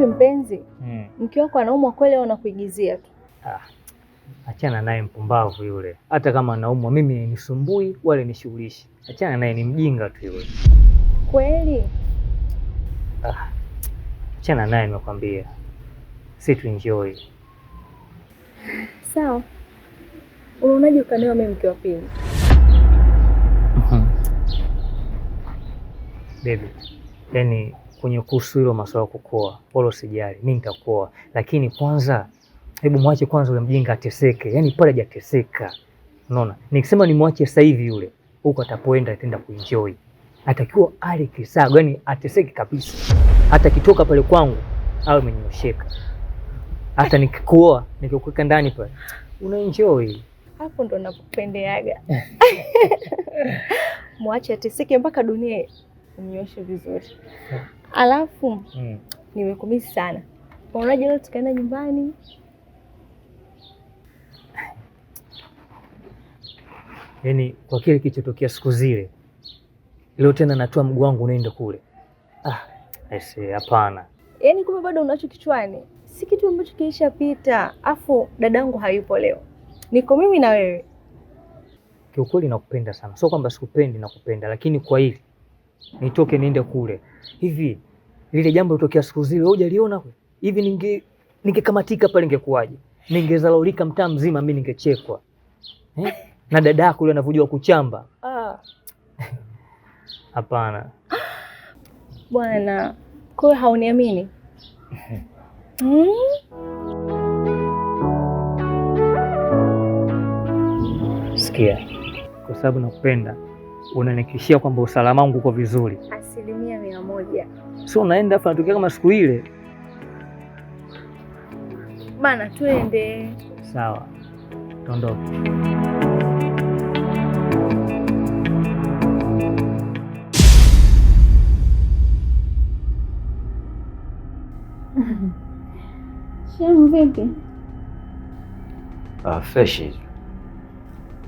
hivi mpenzi, hmm, mke wako anaumwa kweli au anakuigizia tu? Ah, achana naye mpumbavu yule. Hata kama anaumwa mimi nisumbui wala nishughulishi, achana naye, ni mjinga tu yule. Kweli? Ah, achana naye nimekwambia, si tu enjoy. Sawa, unaonaje ukanewa mimi mke wa pili? Baby, yani kwenye kuhusu hilo masuala kukoa, wala sijali mimi nitakoa, lakini kwanza hebu mwache kwanza ule mjinga ateseke. Yani pale hajateseka, unaona. Nikisema nimwache sasa hivi, yule huko atapoenda atenda kuenjoy, atakiwa ali kisago, yani ateseke kabisa. Hata kitoka pale kwangu awe amenyosheka, hata nikikuoa nikikuweka ndani pale unaenjoy. Hapo ndo nakupendeaga mwache ateseke mpaka dunia mnyoshe vizuri. Alafu mm. nimekumisi sana. Unaje leo tukaenda nyumbani? Yaani kwa kile kilichotokea siku zile, leo tena natua mguu wangu unaenda kule. Ah, aise, hapana. Yaani kumbe bado unacho kichwani, si kitu ambacho kilishapita. Afu dadangu hayupo leo, niko mimi na wewe. Kiukweli nakupenda sana, sio kwamba sikupendi, nakupenda, lakini kwa hili nitoke niende kule hivi lile jambo lilotokea siku zile wewe hujaliona kwe? Hivi ninge ningekamatika pale ingekuwaje? Ningezalaulika mtaa mzima, mimi ningechekwa eh? na dada yako yule anavyojua kuchamba. Ah. Hapana bwana, kwa hauniamini mm? Sikia, kwa sababu nakupenda, unanikishia kwamba usalama wangu uko vizuri moja. So unaenda afu natokea kama siku ile bana, twende. Sawa, tondoke. Shemu vipi? Ah, fresh hizo.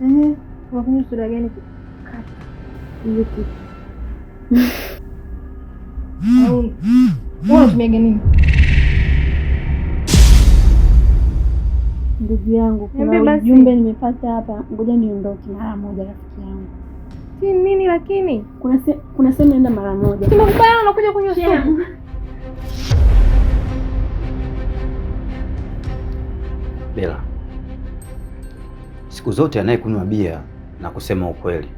Eh, unakunywa soda gani? Kati. Unatumiaga nini? Ndugu yangu, kuna ujumbe nimepata hapa, ngoja niondoke mara moja. Rafiki yangu si nini, lakini kuna se, kuna sema enda mara moja. Tumekubaliana unakuja kunywa supu. Bela, siku zote anayekunywa bia na kusema ukweli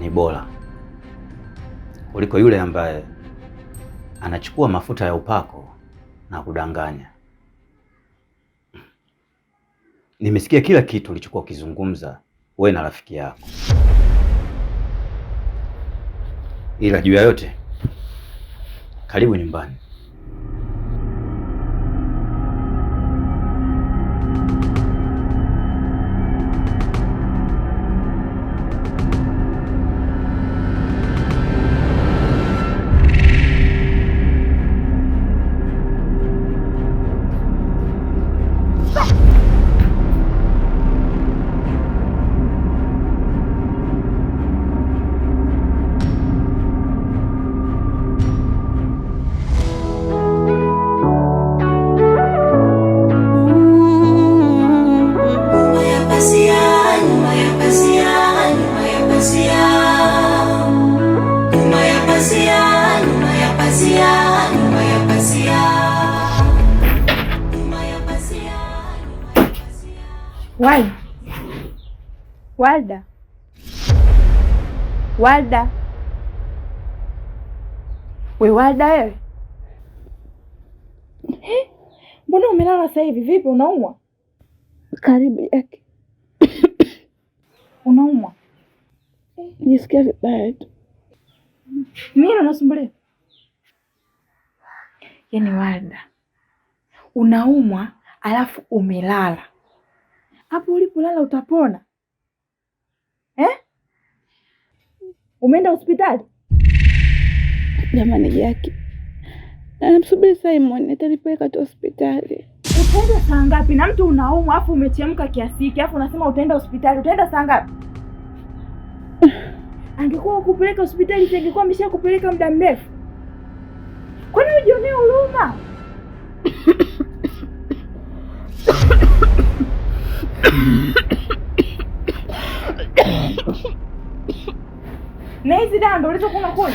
ni bora kuliko yule ambaye anachukua mafuta ya upako na kudanganya. Nimesikia kila kitu ulichokuwa ukizungumza wewe na rafiki yako, ila juu ya yote, karibu nyumbani. Walda, we Walda, wewe eh? mbona umelala sasa hivi? Vipi, unaumwa? Karibu yake unaumwa? Jisikia vibaya tu. Nini unasumbulia? Yaani Walda, unaumwa alafu umelala hapo. Ulipolala utapona eh? Umeenda hospitali? Jamani Jaki, namsubiri Simon, atanipeleka tu hospitali. Utaenda saa ngapi? Na mtu unaumwa afu umechemka kiasi hiki, afu unasema utaenda hospitali. Utaenda saa ngapi? Angekuwa kupeleka hospitali, angekuwa ameshakupeleka muda mrefu. Kwani ujionee huruma? ndo ulizokunywa kule.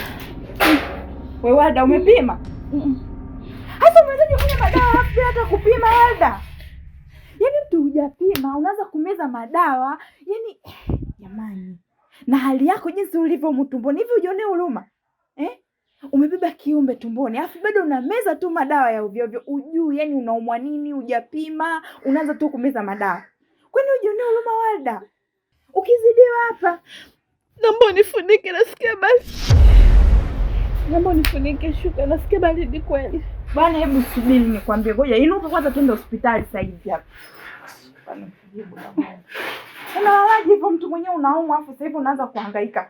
Wewe Ada, umepima? Hasa umewezaje kunywa madawa bila hata kupima Ada? Yaani mtu hujapima unaanza kumeza madawa. Yaani jamani. Na hali yako jinsi ulivyo mtumboni hivi ujione huruma. Eh? Umebeba kiumbe tumboni afu bado unameza tu madawa ya ovyo ovyo. Ujui yani unaumwa nini, hujapima, unaanza tu kumeza madawa. Kwani ujione huruma Wada? Ukizidiwa hapa Naomba unifunike, nasikia baridi. Naomba unifunike shuka, nasikia baridi kweli. Bwana, hebu subiri nikwambie, ngoja inuka kwanza, twende hospitali sasa hivi hapa. Unalalaje hivyo, mtu mwenyewe unaumwa, afu sasa hivi unaanza kuhangaika.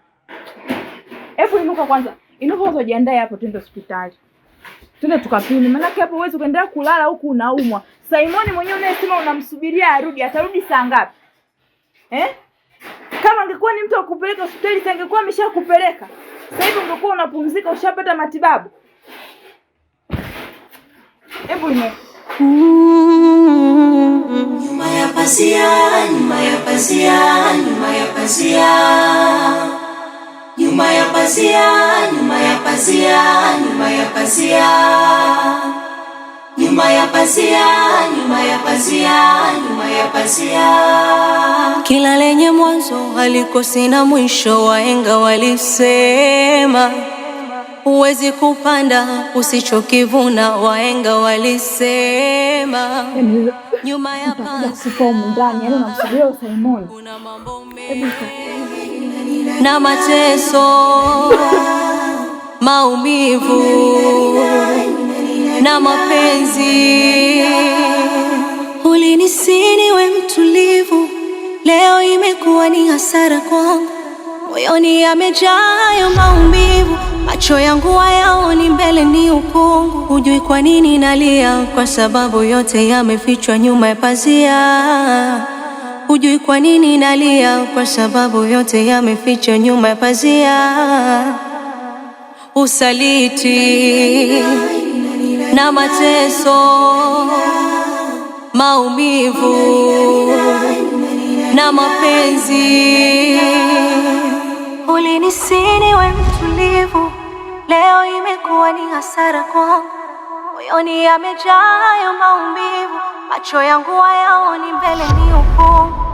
Hebu inuka kwanza, inuka kwanza, jiandae hapo, twende hospitali, twende tukapime, maanake hapo huwezi kuendelea kulala huku unaumwa. Simoni mwenyewe unayesema unamsubiria arudi, atarudi saa ngapi eh? Kama angekuwa ni mtu akupeleka hospitali, angekuwa ameshakupeleka sasa hivi, ungekuwa unapumzika, ushapata matibabu. Hebu ime nyuma ya pazia, nyuma ya pazia, nyuma ya pazia, nyuma ya pazia, nyuma ya pazia, nyuma ya pazia Nyuma ya pazia, nyuma ya pazia, nyuma ya pazia. Kila lenye mwanzo halikosi na mwisho, waenga walisema. Huwezi kupanda usichokivuna, waenga walisema. Nyuma ya pazia yaani na mateso maumivu na mapenzi. Ulinisini we mtulivu, leo imekuwa ni hasara kwangu. Moyoni yamejaa hayo maumivu, macho yangu hayaoni mbele, ni ukungu. Hujui kwa nini nalia, kwa sababu yote yamefichwa nyuma ya pazia. Hujui kwa nini nalia, kwa sababu yote yamefichwa nyuma ya pazia. Usaliti na mateso, maumivu na mapenzi. Ulinisini we mtulivu, leo imekuwa ni hasara kwangu. Moyoni yamejaa hayo maumivu, macho yangu hayaoni mbele, ni hukumu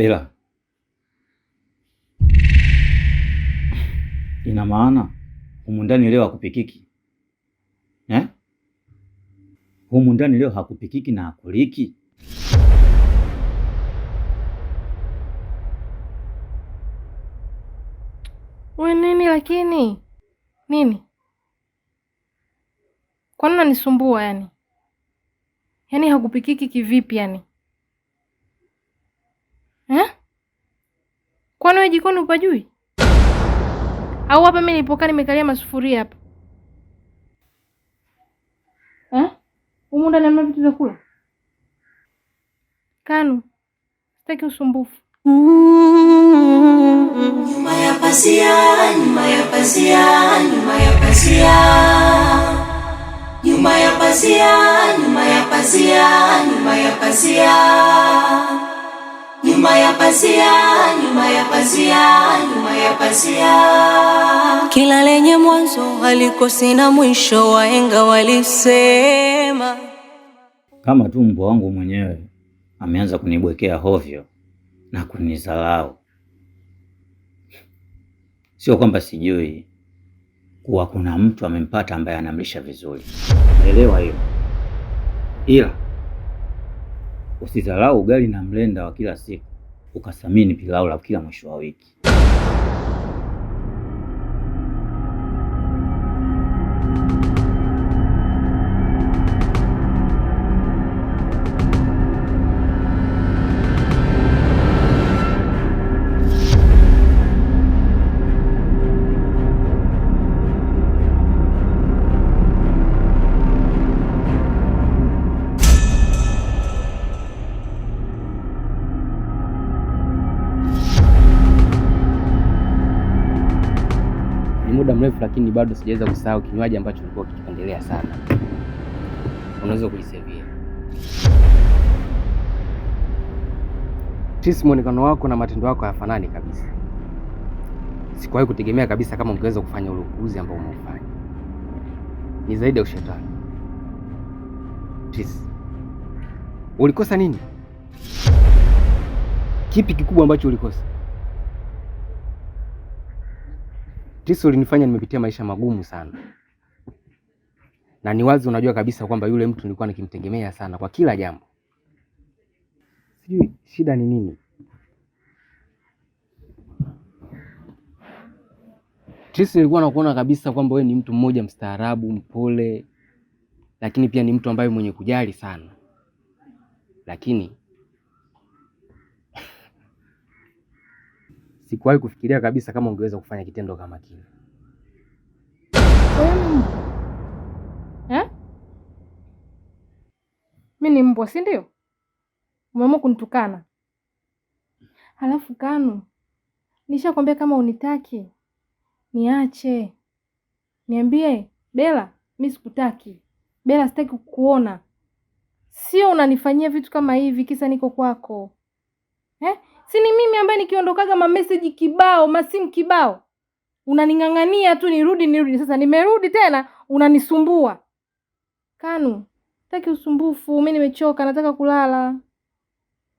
bila. Ina maana humu ndani leo hakupikiki eh? Humu ndani leo hakupikiki na hakuliki. We nini lakini nini, kwani unanisumbua yani? Yaani hakupikiki kivipi yani? jikoni upajui? Au hapa mimi nilipokaa nimekalia masufuria hapa eh? Humu ndani hamna vitu vya kula. Kanu, sitaki usumbufu. Nyuma ya pazia, nyuma ya pazia, nyuma ya pazia, nyuma ya pazia, nyuma ya pazia, nyuma ya pazia pazia, nyuma ya pazia, nyuma ya pazia. Kila lenye mwanzo halikosi na mwisho, wahenga walisema. Kama tu mbwa wangu mwenyewe ameanza kunibwekea hovyo na kunizalau, sio kwamba sijui kuwa kuna mtu amempata ambaye anamlisha vizuri, naelewa hiyo, ila usizalau ugali na mlenda wa kila siku ukathamini pilau la kila mwisho wa wiki. lakini bado sijaweza kusahau kinywaji ambacho ulikuwa ukikipendelea sana. Unaweza kujisevia. Tisi, muonekano wako na matendo yako hayafanani kabisa. Sikuwahi kutegemea kabisa kama ungeweza kufanya ule upuuzi ambao umeufanya. Ni zaidi ya ushetani. Tisi, ulikosa nini? Kipi kikubwa ambacho ulikosa? Tisi, ulinifanya nimepitia maisha magumu sana, na ni wazi, unajua kabisa kwamba yule mtu nilikuwa nikimtegemea sana kwa kila jambo. Sijui shida ni nini. Tisi, nilikuwa nakuona kabisa kwamba wewe ni mtu mmoja mstaarabu, mpole, lakini pia ni mtu ambaye mwenye kujali sana, lakini sikuwahi kufikiria kabisa kama ungeweza kufanya kitendo kama kile. Um. Eh? Mi ni mbwa, si ndio? Umeamua kunitukana, halafu Kanu, nishakwambia kama unitaki niache, niambie Bela, mi sikutaki Bela, sitaki kukuona. Sio unanifanyia vitu kama hivi kisa niko kwako eh? si ni mimi ambaye nikiondokaga mameseji kibao masimu kibao, unaning'ang'ania tu nirudi nirudi. Sasa nimerudi tena unanisumbua. Kanu, sitaki usumbufu, mi nimechoka, nataka kulala.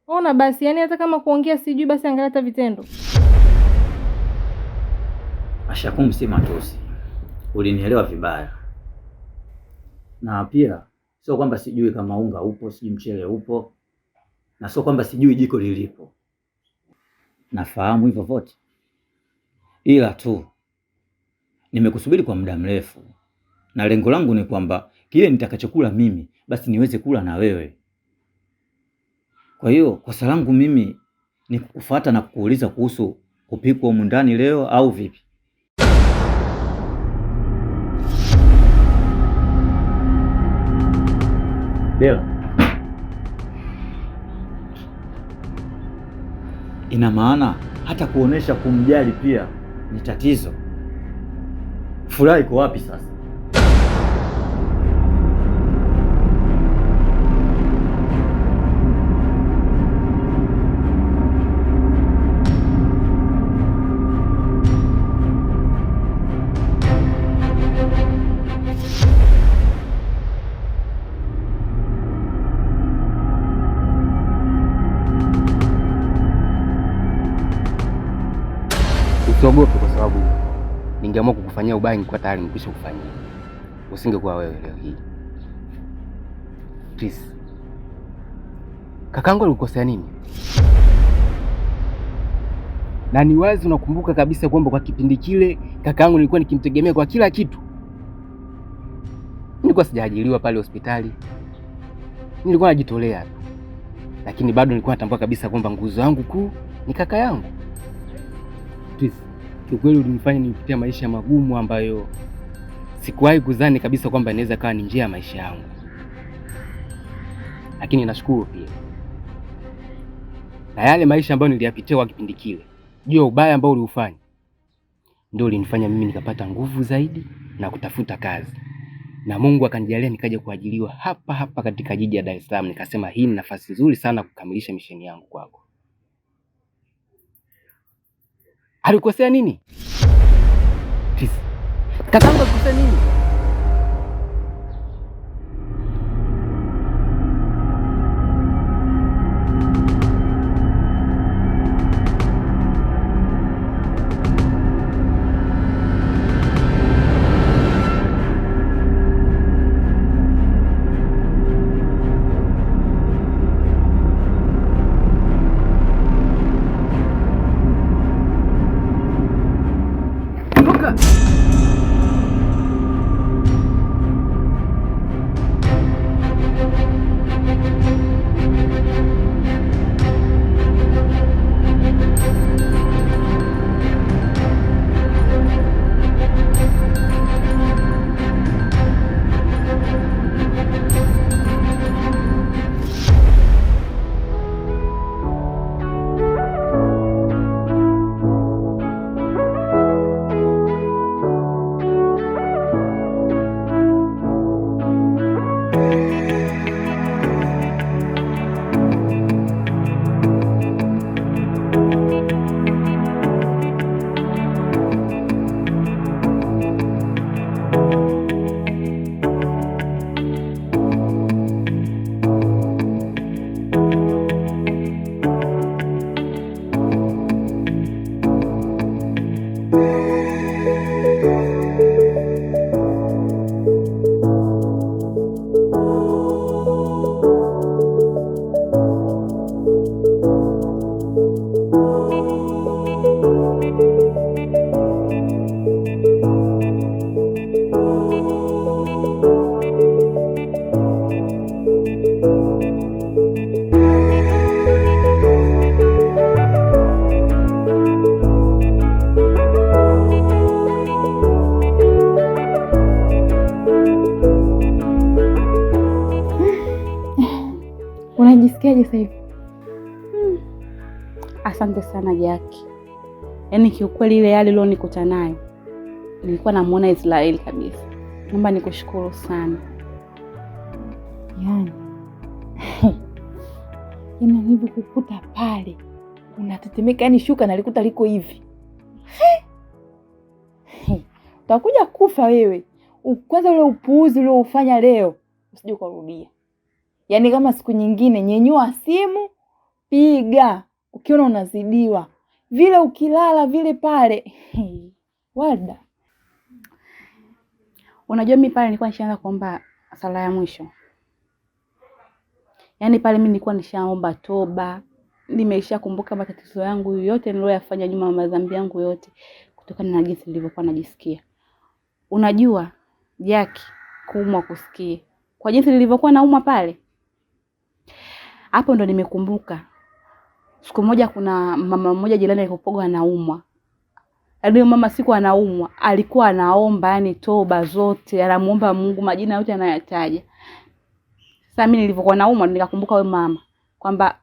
Ona basi, yani hata kama kuongea sijui, basi angalia hata vitendo. Ashakum, si matusi, ulinielewa vibaya. Na pia sio kwamba sijui kama unga upo, sijui mchele upo na sio kwamba sijui jiko lilipo, nafahamu hivyo vyote, ila tu nimekusubiri kwa muda mrefu, na lengo langu ni kwamba kile nitakachokula mimi basi niweze kula na wewe. Kwa hiyo kosa langu mimi ni kukufuata na kukuuliza kuhusu kupikwa humu ndani leo au vipi? Bela. ina maana hata kuonesha kumjali pia ni tatizo. Furaha iko wapi sasa? kufanyia ubaya ningekuwa tayari nimekwisha kufanyia, usingekuwa wewe leo hii. Please. Kakangu alikukosea nini? Na ni wazi unakumbuka kabisa kwamba kwa kipindi kile kakangu nilikuwa nikimtegemea kwa kila kitu. Nilikuwa sijaajiriwa pale hospitali, nilikuwa najitolea tu, lakini bado nilikuwa natambua kabisa kwamba nguzo yangu kuu ni kaka yangu kiukweli ulinifanya nipitie maisha magumu ambayo sikuwahi kudhani kabisa kwamba inaweza kawa ni njia ya maisha yangu, lakini nashukuru pia na yale maisha ambayo niliyapitia kwa kipindi kile jua ubaya ambao uliufanya, ndio ulinifanya mimi nikapata nguvu zaidi na kutafuta kazi, na Mungu akanijalia nikaja kuajiliwa hapa hapa katika jiji la Dar es Salaam. Nikasema hii ni nafasi nzuri sana kukamilisha misheni yangu kwako. Alikosea nini? Tisa. Kakangu alikosea nini? kiukweli ile yale leo nikuta nayo nilikuwa namuona Israeli kabisa. Naomba nikushukuru sana yani ina yaani kukuta pale unatetemeka, yani shuka nalikuta liko hivi utakuja kufa wewe. Kwanza ule upuuzi ulioufanya leo usije ukarudia. Yaani kama siku nyingine, nyenyua simu, piga ukiona unazidiwa vile ukilala vile pale wada Warda, unajua mi pale nilikuwa nishaanza kuomba sala ya mwisho, yaani pale mi nilikuwa nishaomba toba, nimeshakumbuka matatizo yangu yote niliyoyafanya nyuma, madhambi yangu yote, kutokana na jinsi nilivyokuwa najisikia. Unajua Jaki, kuumwa kusikie, kwa jinsi nilivyokuwa naumwa pale, hapo ndo nimekumbuka Siku moja kuna mama mmoja jirani alipopogwa anaumwa. Yaani mama siku anaumwa, alikuwa anaomba yani toba zote, anamuomba Mungu majina yote anayataja. Sasa mimi nilipokuwa naumwa nikakumbuka wewe mama kwamba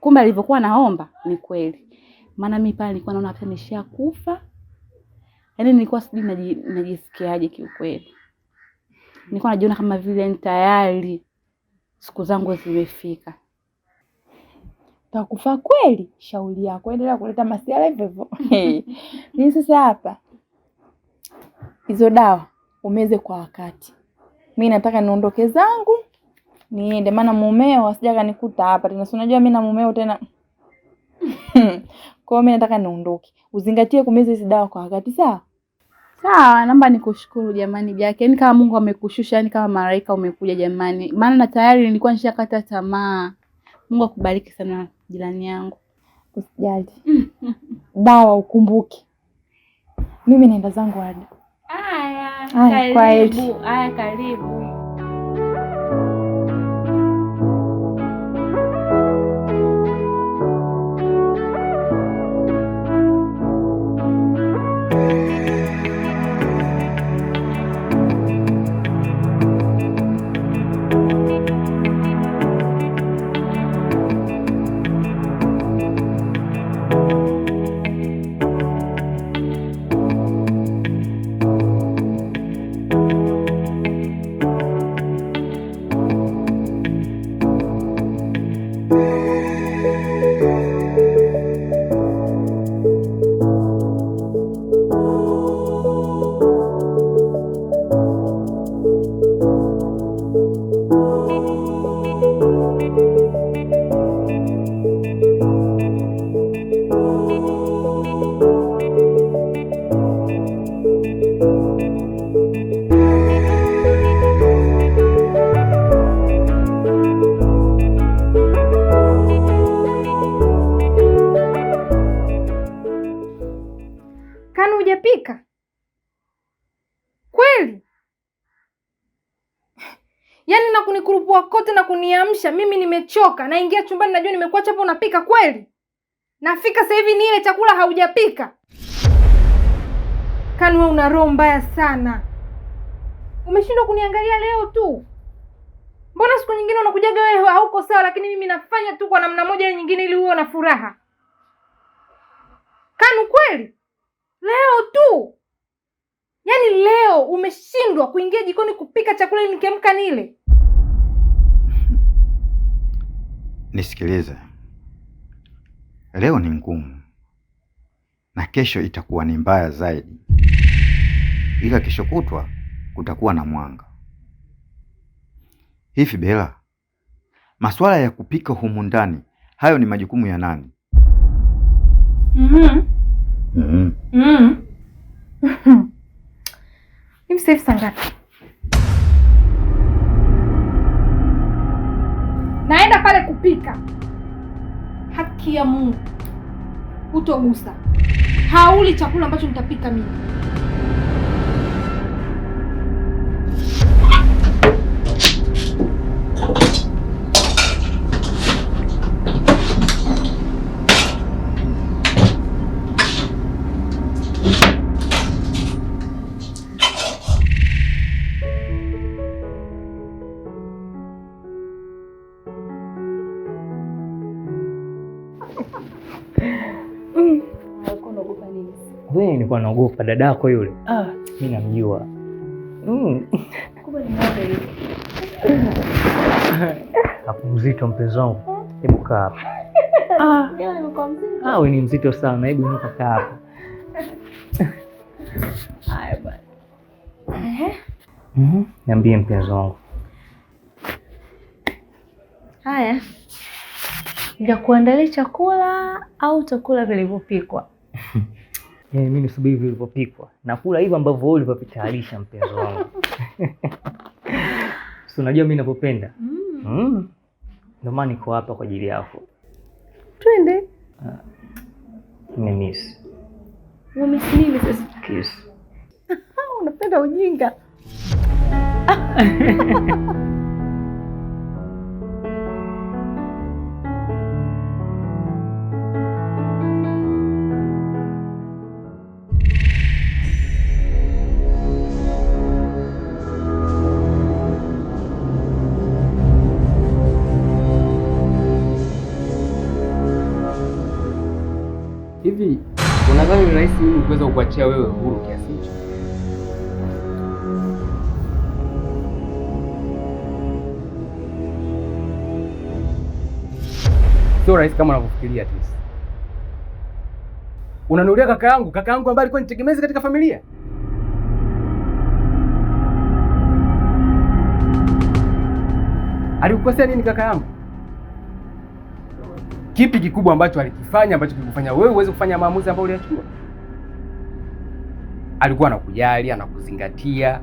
kumbe alivyokuwa naomba ni kweli. Maana mimi pale nilikuwa naona hata kufa. Yaani nilikuwa sijui najisikiaje kiukweli. Nilikuwa najiona kama vile yaani tayari siku zangu zimefika takufa kweli, shauri yako, endelea kuleta masiara hivyo hivyo. Mimi sasa hapa hizo dawa umeze kwa wakati, mi nataka niondoke zangu niende, maana mumeo asija kanikuta hapa tena, si unajua mi na mumeo tena kwa hiyo mi nataka niondoke, uzingatie kumeza hizi dawa kwa wakati, sawa sawa. Naomba nikushukuru jamani, Jake, yani kama Mungu amekushusha, yani kama malaika umekuja jamani, maana na tayari nilikuwa nishakata tamaa. Mungu akubariki sana jirani yangu. Usijali. Dawa mm. ukumbuke. Mimi naenda zangu hadi. Haya, haya, karibu. Haya, karibu. Nimetoka naingia chumbani, najua nimekuacha hapo unapika kweli. Nafika sasa hivi ni ile chakula haujapika. wewe una roho mbaya sana. Umeshindwa kuniangalia leo tu. Mbona siku nyingine unakujaga wewe hauko sawa, lakini mimi nafanya tu kwa namna moja nyingine ili uwe na furaha. Kanu, kweli leo tu, yaani leo umeshindwa kuingia jikoni kupika chakula ili nikiamka nile. Nisikilize, leo ni ngumu na kesho itakuwa ni mbaya zaidi, ila kesho kutwa kutakuwa na mwanga. Hivi Bela, masuala ya kupika humu ndani, hayo ni majukumu ya nani? mm -hmm. mm -hmm. mm -hmm. naenda pale kupika. Haki ya Mungu, utogusa hauli chakula ambacho nitapika mimi. alikuwa anaogopa dadako yule. Ah, mimi namjua. Mm. Hapo mzito mpenzi wangu. Hebu kaa hapa. Ah, ah ni mzito sana. Hebu nuka kaa hapa. Haya bwana. Eh? Mhm, niambie mpenzi wangu. Haya. Nitakuandalia chakula au utakula vilivyopikwa? yaani mimi subiri vilivyopikwa na kula hivyo ambavyo wewe ulivyovitayarisha mpenzi wangu. Si unajua mimi ninapopenda mm. mm. Ndio maana niko hapa kwa ajili yako. Twende. Ah, Nimemiss. miss nini sasa? Kiss. Unapenda ujinga. Hivi unadhani ni rahisi mimi kuweza kukuachia wewe huru kiasi hicho? Sio rahisi kama unavyofikiria tu. Unanulia kaka yangu, kaka yangu ambaye alikuwa nitegemezi katika familia Alikukosea nini kaka yangu? Kipi kikubwa ambacho alikifanya ambacho kikufanya wewe uweze kufanya maamuzi ambayo uliyachukua? Alikuwa anakujali, anakuzingatia.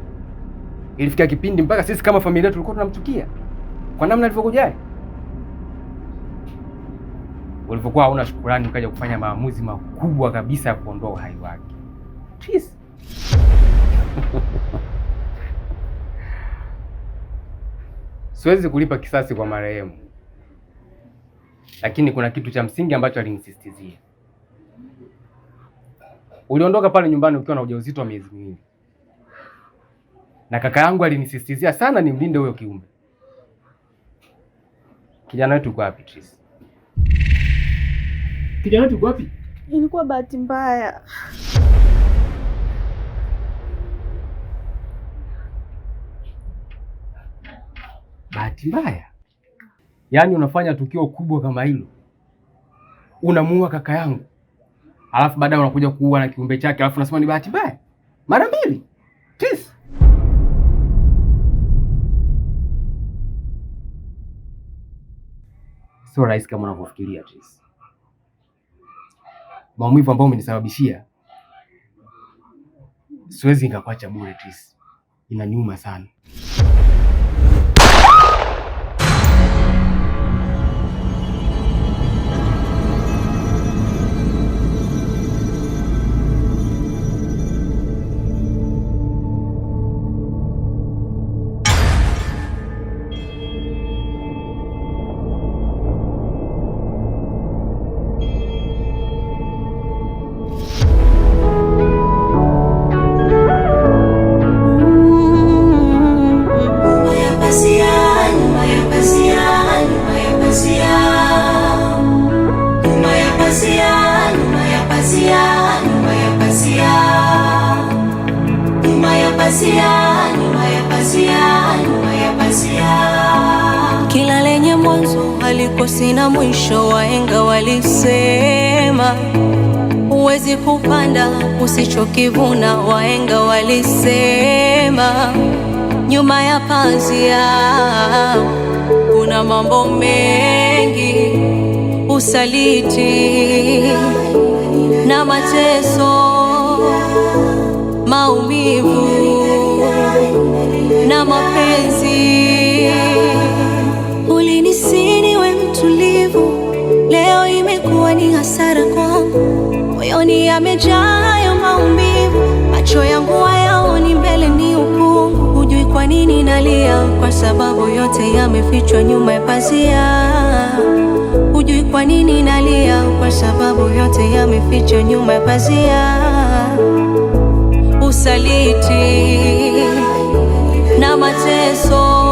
Ilifikia kipindi mpaka sisi kama familia tulikuwa tunamchukia kwa namna alivyokujali. Ulivyokuwa hauna shukurani, ukaja kufanya maamuzi makubwa kabisa ya kuondoa uhai wake. Please. Siwezi kulipa kisasi kwa marehemu lakini kuna kitu cha msingi ambacho alinisisitizia. Uliondoka pale nyumbani ukiwa na ujauzito wa miezi miwili, na kaka yangu alinisisitizia sana nimlinde huyo kiumbe. Kijana wetu uko wapi Tris? Kijana wetu uko wapi? Ilikuwa bahati mbaya. Bahati mbaya Yaani unafanya tukio kubwa kama hilo, unamuua kaka yangu, alafu baadaye unakuja kuua na kiumbe chake, alafu unasema ni bahati mbaya. Mara mbili tisa. Sio rahisi kama unavyofikiria Tris. Maumivu ambayo umenisababishia siwezi ngakwacha bure Tris, inaniuma sana. pazia, nyuma ya pazia, nyuma ya pazia. Kila lenye mwanzo halikosi na mwisho, waenga walisema. Huwezi kupanda usichokivuna, waenga walisema. Nyuma ya pazia kuna mambo mengi, usaliti na mateso, maumivu na mapenzi. Ulinisi niwe mtulivu, leo imekuwa ni hasara kwangu. Moyoni yamejaa hayo maumivu, macho yangu hayaoni mbele, ni ukungu. Hujui kwa nini nalia, kwa sababu yote yamefichwa nyuma ya pazia. Hujui kwa nini nalia, kwa sababu yote yamefichwa nyuma ya pazia. Usaliti na mateso